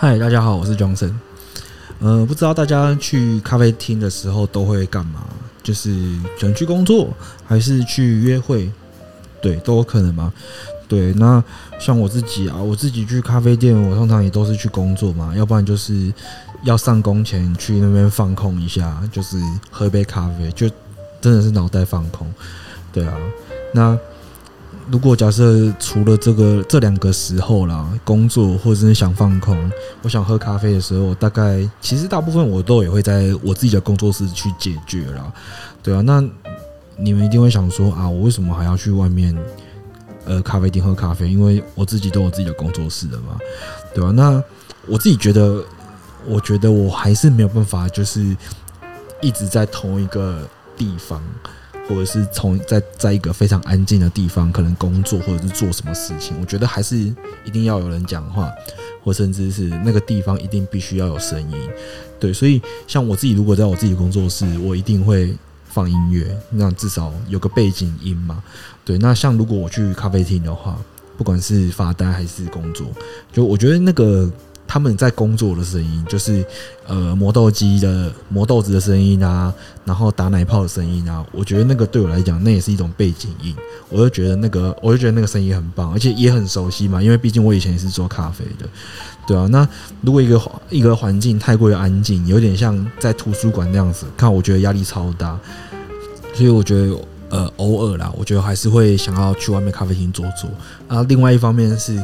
嗨，Hi, 大家好，我是 Johnson 呃、嗯，不知道大家去咖啡廳的時候都會幹嘛？就是想去工作，還是去約會？對，都有可能嘛？對，那像我自己啊，我自己去咖啡店，我通常也都是去工作嘛，要不然就是要上工前去那邊放空一下，就是喝一杯咖啡，就真的是腦袋放空。對啊，那。如果假設除了這個這兩個時候啦，工作或者是想放空，我想喝咖啡的時候，我大概其實大部分我都也會在我自己的工作室去解決啦，對啊，那你們一定會想說啊，我為什麼還要去外面，呃，咖啡廳喝咖啡？因為我自己都有自己的工作室的嘛，對啊，那我自己覺得，我覺得我還是沒有辦法，就是一直在同一個地方。或者是從在在一個非常安靜的地方，可能工作或者是做什麼事情，我覺得還是一定要有人講話，或甚至是那個地方一定必須要有聲音。對，所以像我自己，如果在我自己工作室，我一定會放音樂，那至少有個背景音嘛。對，那像如果我去咖啡廳的話，不管是發呆還是工作，就我覺得那個。他們在工作的聲音，就是，呃，磨豆機的磨豆子的聲音啊，然後打奶泡的聲音啊，我覺得那個對我來講，那也是一種背景音。我就覺得那個，我就覺得那個聲音很棒，而且也很熟悉嘛，因為畢竟我以前也是做咖啡的，對啊。那如果一個一個環境太過於安靜，有點像在圖書館那樣子，看我覺得壓力超大。所以我覺得，呃，偶爾啦，我覺得還是會想要去外面咖啡廳坐坐啊。另外一方面是，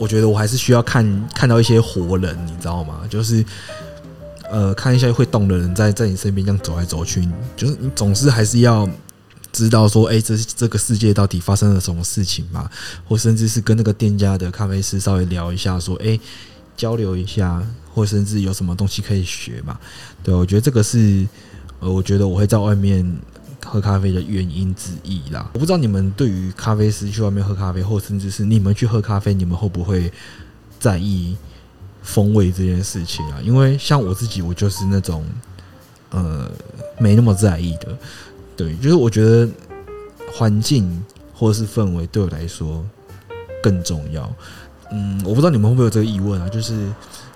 我覺得我還是需要看看到一些活人，你知道嗎？就是，呃，看一下會動的人在在你身邊這樣走來走去，就是你總是還是要知道說，誒、欸，這這個世界到底發生了什麼事情嘛？或甚至是跟那個店家的咖啡師稍微聊一下，說，誒、欸，交流一下，或甚至有什麼東西可以學嘛？對，我覺得這個是，呃，我覺得我會在外面。喝咖啡的原因之一啦，我不知道你們對於咖啡師去外面喝咖啡，或甚至是你們去喝咖啡，你們會不會在意風味這件事情啊？因為像我自己，我就是那種呃沒那麼在意的，對，就是我覺得環境或者是氛圍對我來說更重要。嗯，我不知道你們會不會有這個疑問啊？就是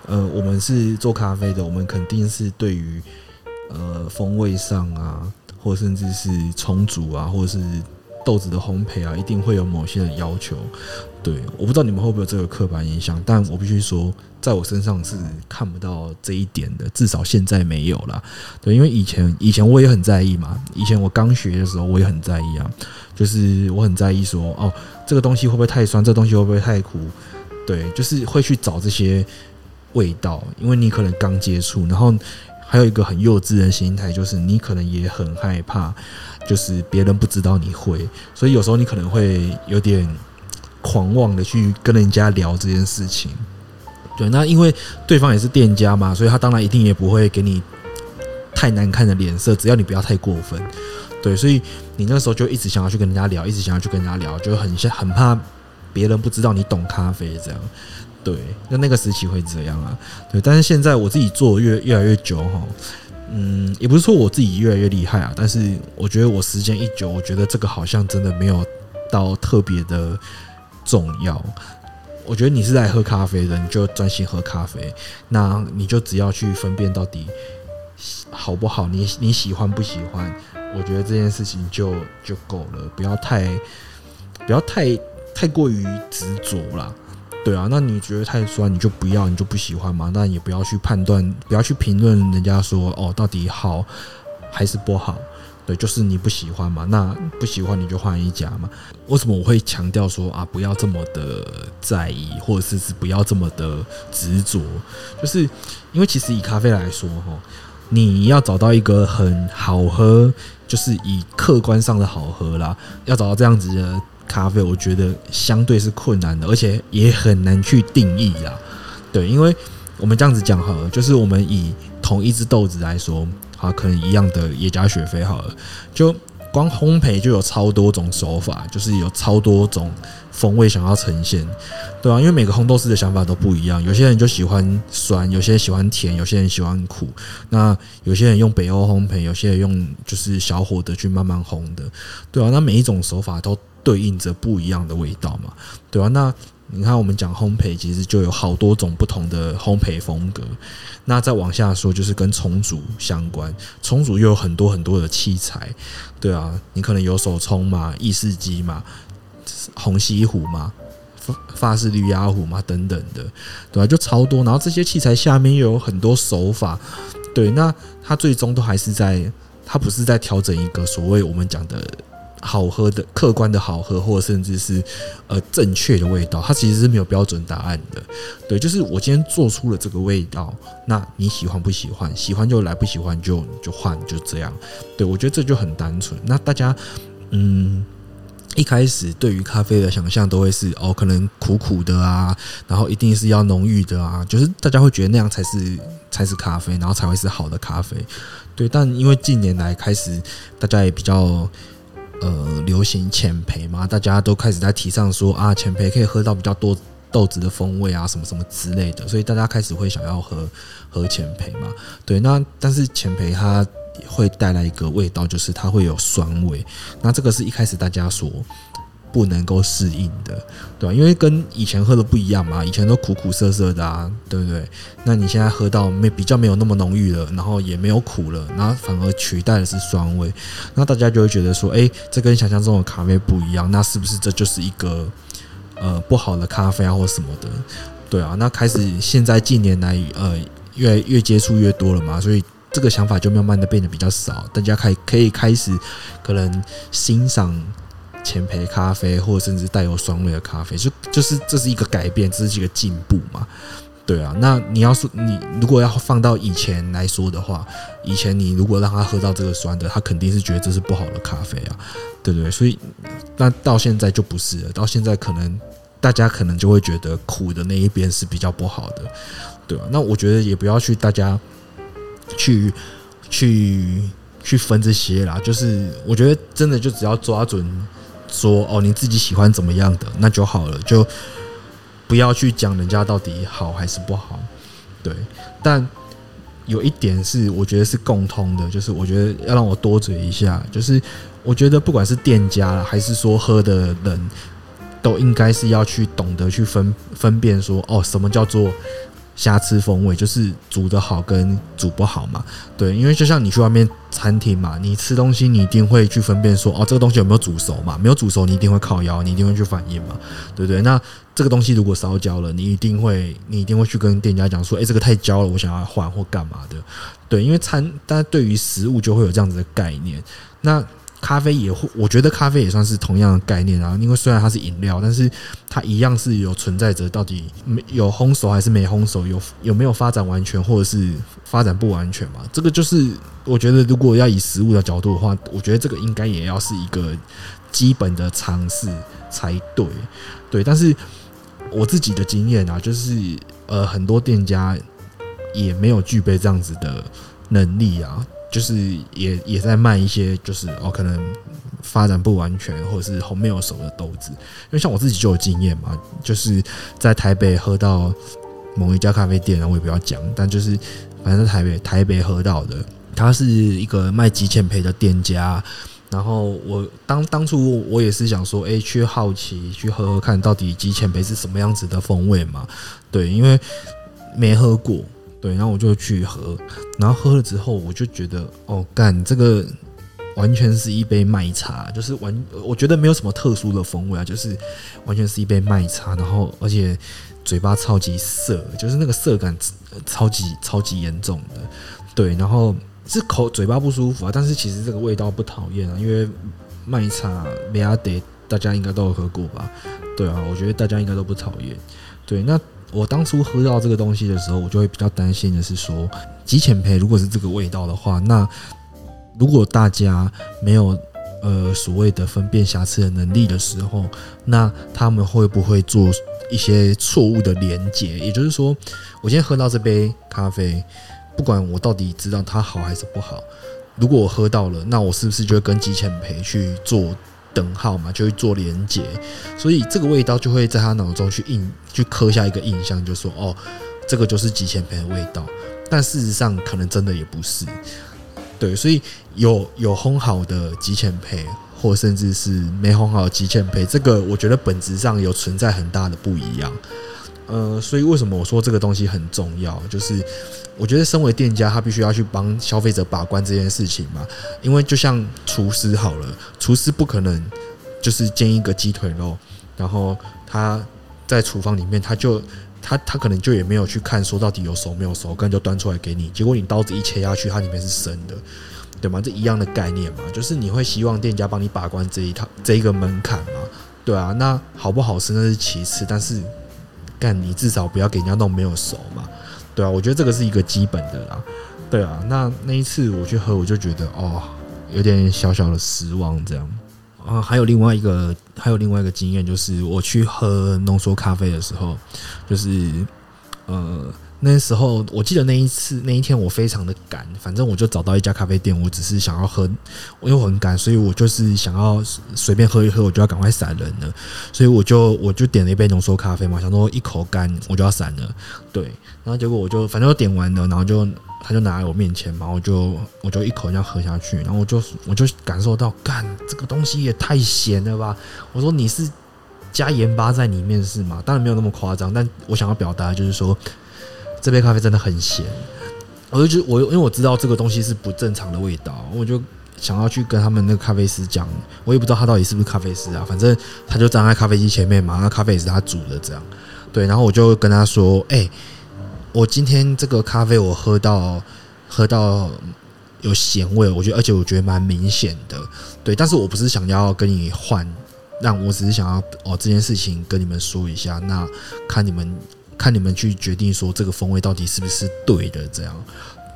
呃，我們是做咖啡的，我們肯定是對於呃風味上啊。或甚至是沖煮啊，或者是豆子的烘焙啊，一定會有某些的要求。對，我不知道你們會不會有這個刻板印象，但我必須說，在我身上是看不到這一點的，至少現在沒有啦。對，因為以前以前我也很在意嘛，以前我剛學的時候我也很在意啊，就是我很在意說哦，這個東西會不會太酸，這個東西會不會太苦，對，就是會去找這些味道，因為你可能剛接觸，然後。還有一個很幼稚的心態，就是你可能也很害怕，就是別人不知道你會，所以有時候你可能會有點狂妄的去跟人家聊這件事情。對，那因為對方也是店家嘛，所以他當然一定也不會給你太難看的臉色，只要你不要太過分。對，所以你那時候就一直想要去跟人家聊，一直想要去跟人家聊，就很像很怕。別人不知道你懂咖啡，這樣對。那那個時期會這樣啊，對。但是現在我自己做越越來越久吼，嗯，也不是說我自己越來越厲害啊，但是我覺得我時間一久，我覺得這個好像真的沒有到特別的重要。我覺得你是在喝咖啡的，你就專心喝咖啡。那你就只要去分辨，到底好不好，你你喜歡不喜歡？我覺得這件事情就就夠了，不要太，不要太。太過於執着啦，對啊，那你覺得太酸，你就不要，你就不喜歡嘛。那也不要去判斷，不要去評論人家說哦到底好還是不好。對，就是你不喜歡嘛，那不喜歡你就換一家嘛。為什麼我會強調說啊，不要這麼的在意，或者是是不要這麼的執着？就是因為其實以咖啡來說齁，你要找到一個很好喝，就是以客觀上的好喝啦，要找到這樣子的，咖啡，我覺得相對是困難的，而且也很難去定義呀。對，因為我們這樣子講好了，就是我們以同一只豆子來說，啊，可能一樣的耶加雪菲好了，就光烘焙就有超多種手法，就是有超多種風味想要呈現，對啊，因為每個烘豆師的想法都不一樣，嗯、有些人就喜歡酸，有些人喜歡甜，有些人喜歡苦，那有些人用北歐烘焙，有些人用就是小火的去慢慢烘的，對啊，那每一種手法都。對應着不一樣的味道嘛，對吧、啊？那你看，我們講烘焙，其實就有好多種不同的烘焙風格。那再往下說，就是跟重組相關，重組又有很多很多的器材，對啊，你可能有手沖嘛、意式機嘛、虹吸壺嘛、法法式濾壓壺嘛等等的，對吧、啊？就超多。然後這些器材下面又有很多手法，對，那它最終都還是在，它不是在調整一個所謂我們講的。好喝的客觀的好喝，或甚至是呃正確的味道，它其實是沒有標準答案的。對，就是我今天做出了這個味道，那你喜歡不喜歡？喜歡就來，不喜歡就就換，就這樣。對，我覺得這就很單純。那大家，嗯，一開始對於咖啡的想象都會是哦，可能苦苦的啊，然後一定是要濃郁的啊，就是大家會覺得那樣才是才是咖啡，然後才會是好的咖啡。對，但因為近年來開始，大家也比較。呃，流行淺焙嘛，大家都開始在提倡說啊，淺焙可以喝到比較多豆子的風味啊，什麼什麼之類的，所以大家開始會想要喝喝淺焙嘛。對，那但是淺焙它會帶來一個味道，就是它會有酸味。那這個是一開始大家說。不能夠適應的，對吧、啊？因為跟以前喝的不一樣嘛，以前都苦苦澀澀的，啊，對不對？那你現在喝到沒比較沒有那麼濃郁了，然後也沒有苦了，那反而取代的是酸味，那大家就會覺得說，哎、欸，這跟想象中的咖啡不一樣，那是不是這就是一個呃不好的咖啡啊，或什麼的？對啊，那開始現在近年來呃越來越接觸越多了嘛，所以這個想法就慢慢的變得比較少，大家開可,可以開始可能欣賞。淺焙咖啡，或者甚至帶有酸味的咖啡，就就是這是一個改變，這是一個進步嘛。對啊，那你要說你如果要放到以前來說的話，以前你如果讓他喝到這個酸的，他肯定是覺得這是不好的咖啡啊，對不對，對？所以那到現在就不是了，到現在可能大家可能就會覺得苦的那一邊是比較不好的，對吧、啊？那我覺得也不要去大家去去去分這些啦，就是我覺得真的就只要抓準。說哦，你自己喜歡怎麼樣的那就好了，就不要去講人家到底好還是不好，對。但有一點是我覺得是共通的，就是我覺得要讓我多嘴一下，就是我覺得不管是店家還是說喝的人，都應該是要去懂得去分分辨說哦，什麼叫做。瑕疵風味就是煮得好跟煮不好嘛，對，因為就像你去外面餐廳嘛，你吃東西你一定會去分辨說，哦，這個東西有沒有煮熟嘛？沒有煮熟你一定會靠腰，你一定會去反應嘛，對不對，對？那這個東西如果燒焦了，你一定會你一定會去跟店家講說，誒、欸，這個太焦了，我想要換或幹嘛的，對，因為餐大家對於食物就會有這樣子的概念，那。咖啡也會，我覺得咖啡也算是同樣的概念啊。因為雖然它是飲料，但是它一樣是有存在着到底有烘熟還是沒烘熟，有有沒有發展完全或者是發展不完全嘛，這個就是我覺得，如果要以食物的角度的話，我覺得這個應該也要是一個基本的嘗試才對。對，但是我自己的經驗啊，就是呃，很多店家也沒有具備這樣子的能力啊。就是也也在賣一些，就是哦，可能發展不完全，或者是還沒有熟的豆子。因為像我自己就有經驗嘛，就是在台北喝到某一家咖啡店，我也不要講，但就是反正在台北台北喝到的，他是一個賣極淺焙的店家。然後我當當初我也是想說，哎、欸，去好奇去喝喝看到底極淺焙是什麼樣子的風味嘛？對，因為沒喝過。對，然後我就去喝，然後喝了之後，我就覺得哦，幹這個完全是一杯麥茶，就是完，我覺得沒有什麼特殊的風味啊，就是完全是一杯麥茶，然後而且嘴巴超級澀，就是那個澀感超級超級，超級嚴重的，對，然後是口嘴巴不舒服啊，但是其實這個味道不討厭啊，因為麥茶 mate 大家應該都有喝過吧，對啊，我覺得大家應該都不討厭，對，那。我當初喝到這個東西的時候，我就會比較擔心的是說，極淺焙如果是這個味道的話，那如果大家沒有呃所謂的分辨瑕疵的能力的時候，那他們會不會做一些錯誤的連接？也就是說，我今天喝到這杯咖啡，不管我到底知道它好還是不好，如果我喝到了，那我是不是就會跟極淺焙去做？等號嘛，就會做連結，所以這個味道就會在他腦中去印、去刻下一個印象，就說哦，這個就是極淺焙的味道。但事實上，可能真的也不是。對，所以有有烘好的極淺焙，或甚至是沒烘好極淺焙，這個我覺得本質上有存在很大的不一樣。呃，所以為什麼我說這個東西很重要？就是我覺得，身為店家，他必須要去幫消費者把關這件事情嘛。因為就像廚師好了，廚師不可能就是煎一個雞腿肉，然後他在廚房裡面，他就他他可能就也沒有去看說到底有熟沒有熟，乾脆就端出來給你。結果你刀子一切下去，它裡面是生的，對嗎？這一樣的概念嘛，就是你會希望店家幫你把關這一套這一個門檻嘛，對啊。那好不好吃那是其次，但是。但你至少不要給人家弄沒有熟嘛，對啊，我覺得這個是一個基本的啦，對啊。那那一次我去喝，我就覺得哦，有點小小的失望這樣。啊，還有另外一個，還有另外一個經驗就是，我去喝濃縮咖啡的時候，就是呃。那時候我記得那一次那一天我非常的趕，反正我就找到一家咖啡店，我只是想要喝，因為我又很趕，所以我就是想要隨便喝一喝，我就要趕快閃人了，所以我就我就點了一杯濃縮咖啡嘛，想說一口乾我就要閃了，對，然後結果我就反正我點完了，然後就他就拿來我面前嘛，我就我就一口這樣喝下去，然後我就我就感受到幹這個東西也太鹹了吧，我說你是加鹽巴在裡面是嗎？當然沒有那麼誇張，但我想要表達就是說。這杯咖啡真的很鹹，我就覺得我因為我知道這個東西是不正常的味道，我就想要去跟他們那個咖啡師講。我也不知道他到底是不是咖啡師啊，反正他就站在咖啡機前面嘛，那咖啡也是他煮的，這樣對。然後我就跟他說：“欸，我今天這個咖啡我喝到喝到有鹹味，我覺得而且我覺得蠻明顯的。對，但是我不是想要跟你換，但我只是想要哦這件事情跟你們說一下，那看你們。”看你們去決定說這個風味到底是不是對的，這樣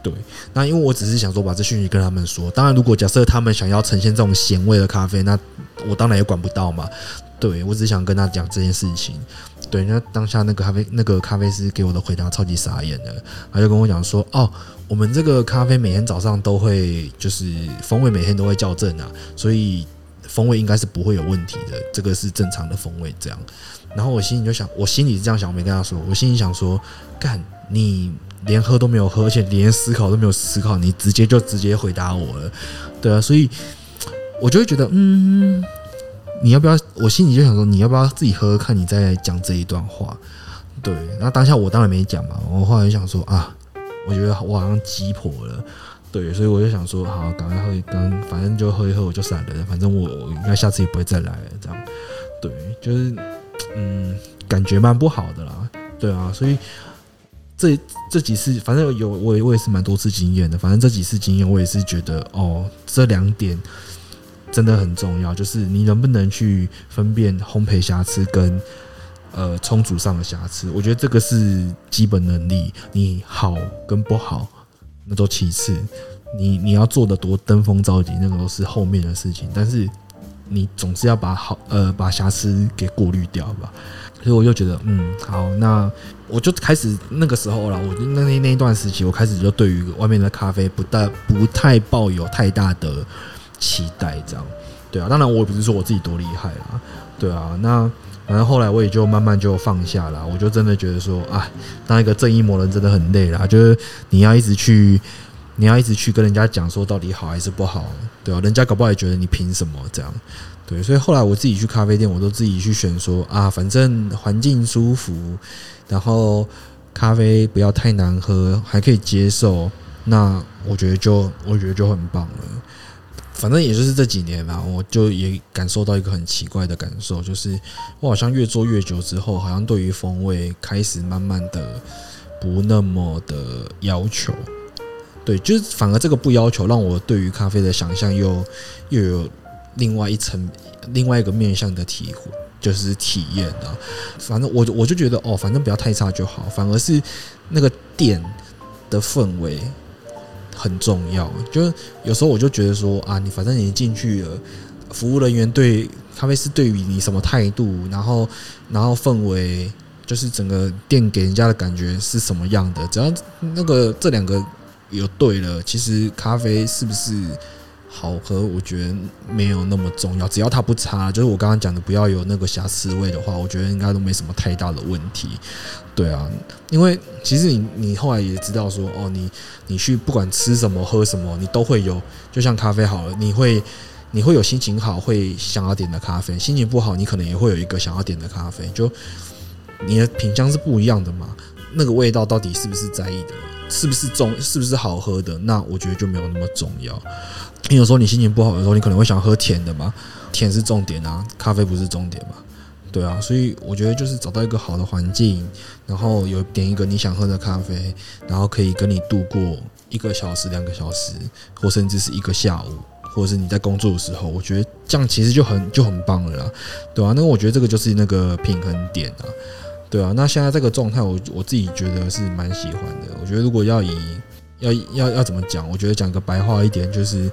對。那因為我只是想說把這訊息跟他們說。當然，如果假設他們想要呈現這種鹹味的咖啡，那我當然也管不到嘛。對，我只想跟他講這件事情。對，那當下那個咖啡那個咖啡師給我的回答超級傻眼的，他就跟我講說：“哦，我們這個咖啡每天早上都會就是風味每天都會校正啊，所以。”風味應該是不會有問題的，這個是正常的風味。這樣，然後我心裡就想，我心裡是這樣想，我沒跟他說，我心裡想說，幹，你連喝都沒有喝，而且連思考都沒有思考，你直接就直接回答我了，對啊，所以，我就會覺得，嗯，你要不要？我心裡就想說，你要不要自己喝喝看？你再講這一段話。對，那當下我當然沒講嘛，我後來就想說，啊，我覺得我好像雞婆了。對，所以我就想說，好，趕快喝一缸，反正就喝一喝，我就散了。反正我，應該下次也不會再來了。這樣，對，就是，嗯，感覺蠻不好的啦。對啊，所以這這幾次，反正有有我我也是蠻多次經驗的。反正這幾次經驗，我也是覺得哦，這兩點真的很重要，就是你能不能去分辨烘焙瑕疵跟呃沖煮上的瑕疵，我覺得這個是基本能力，你好跟不好。那都其次，你你要做的多登峰造極，那個都是後面的事情。但是你總是要把好呃把瑕疵給過濾掉吧。所以我就覺得，嗯，好，那我就開始那個時候啦。我那那那一段時期，我開始就對於外面的咖啡不大不太抱有太大的期待，這樣對啊。當然，我也不是說我自己多厲害啦，對啊。那。反正後來我也就慢慢就放下了，我就真的覺得說，啊，當一個正義魔人真的很累了，就是你要一直去，你要一直去跟人家講說到底好還是不好，對啊。人家搞不好也覺得你憑什麼這樣，對。所以後來我自己去咖啡店，我都自己去選說啊，反正環境舒服，然後咖啡不要太難喝，還可以接受，那我覺得就我覺得就很棒了。反正也就是這幾年吧、啊，我就也感受到一個很奇怪的感受，就是我好像越做越久之後，好像對於風味開始慢慢的不那麼的要求。對，就是反而這個不要求，讓我對於咖啡的想象又又有另外一層另外一個面向的體會，就是體驗啊。反正我我就覺得哦，反正不要太差就好。反而是那個店的氛圍。很重要，就有時候我就覺得說啊，你反正你進去了，服務人員對咖啡師對於你什麼態度，然後然後氛圍，就是整個店給人家的感覺是什麼樣的？只要那個這兩個有對了，其實咖啡是不是？好喝，我覺得沒有那麼重要，只要它不差。就是我剛剛講的，不要有那個瑕疵味的話，我覺得應該都沒什麼太大的問題。對啊，因為其實你你後來也知道說，哦，你你去不管吃什麼喝什麼，你都會有。就像咖啡好了，你會你會有心情好會想要點的咖啡，心情不好你可能也會有一個想要點的咖啡，就你的品項是不一樣的嘛。那個味道到底是不是在意的？是不是重？是不是好喝的？那我覺得就沒有那麼重要。因為有時候你心情不好的時候，你可能會想喝甜的嘛，甜是重點啊，咖啡不是重點嘛，對啊。所以我覺得就是找到一個好的環境，然後有點一個你想喝的咖啡，然後可以跟你度過一個小時、兩個小時，或甚至是一個下午，或者是你在工作的時候，我覺得這樣其實就很就很棒了啦，對啊，那我覺得這個就是那個平衡點啊。對啊，那現在這個狀態，我我自己覺得是蠻喜歡的。我覺得如果要以要要要怎麼講，我覺得講個白話一點，就是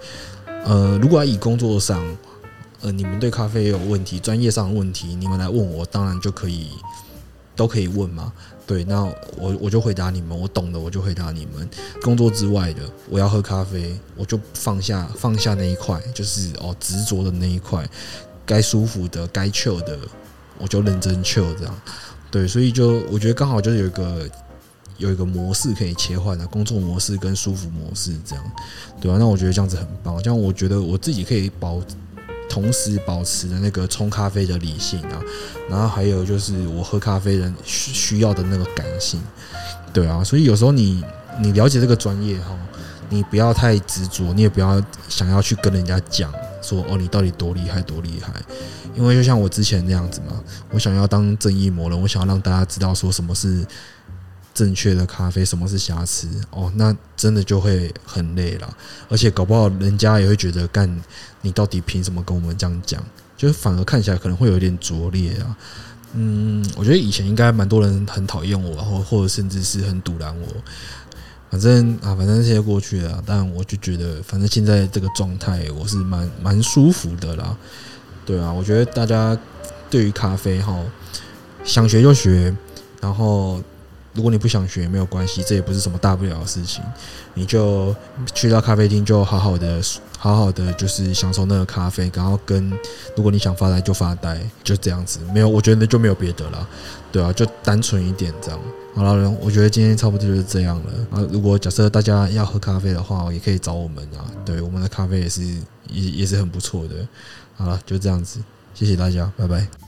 呃，如果要以工作上，呃，你們對咖啡也有問題，專業上的問題，你們來問我，當然就可以都可以問嘛。對，那我我就回答你們，我懂的我就回答你們。工作之外的，我要喝咖啡，我就放下放下那一塊，就是哦執着的那一塊，該舒服的該 chill 的，我就認真 chill 這樣。對，所以就我覺得剛好就是有一個有一個模式可以切換的、啊、工作模式跟舒服模式這樣，對啊，那我覺得這樣子很棒，這樣我覺得我自己可以保同時保持的那個沖咖啡的理性啊，然後還有就是我喝咖啡人需需要的那個感性，對啊，所以有時候你你了解這個專業哈、哦，你不要太執着，你也不要想要去跟人家講。說哦，你到底多厲害多厲害？因為就像我之前那樣子嘛，我想要當正義魔人，我想要讓大家知道說什麼是正確的咖啡，什麼是瑕疵哦，那真的就會很累啦，而且搞不好人家也會覺得幹你到底憑什麼跟我們這樣講，就反而看起來可能會有點拙劣啊。嗯，我覺得以前應該蠻多人很討厭我，然後或者甚至是很阻攔我。反正啊，反正這些過去了，但我就覺得，反正現在這個狀態我是蠻蠻舒服的啦。對啊，我覺得大家對於咖啡齁，想學就學，然後。如果你不想學，也沒有關係，這也不是什麼大不了的事情。你就去到咖啡廳，就好好的，好好的就是享受那個咖啡，然後跟如果你想發呆就發呆，就這樣子。沒有，我覺得就沒有別的了。對啊，就單純一點這樣。好了，我覺得今天差不多就是這樣了啊。如果假設大家要喝咖啡的話，也可以找我們啊。對，我們的咖啡也是也也是很不錯的。好了，就這樣子，謝謝大家，拜拜。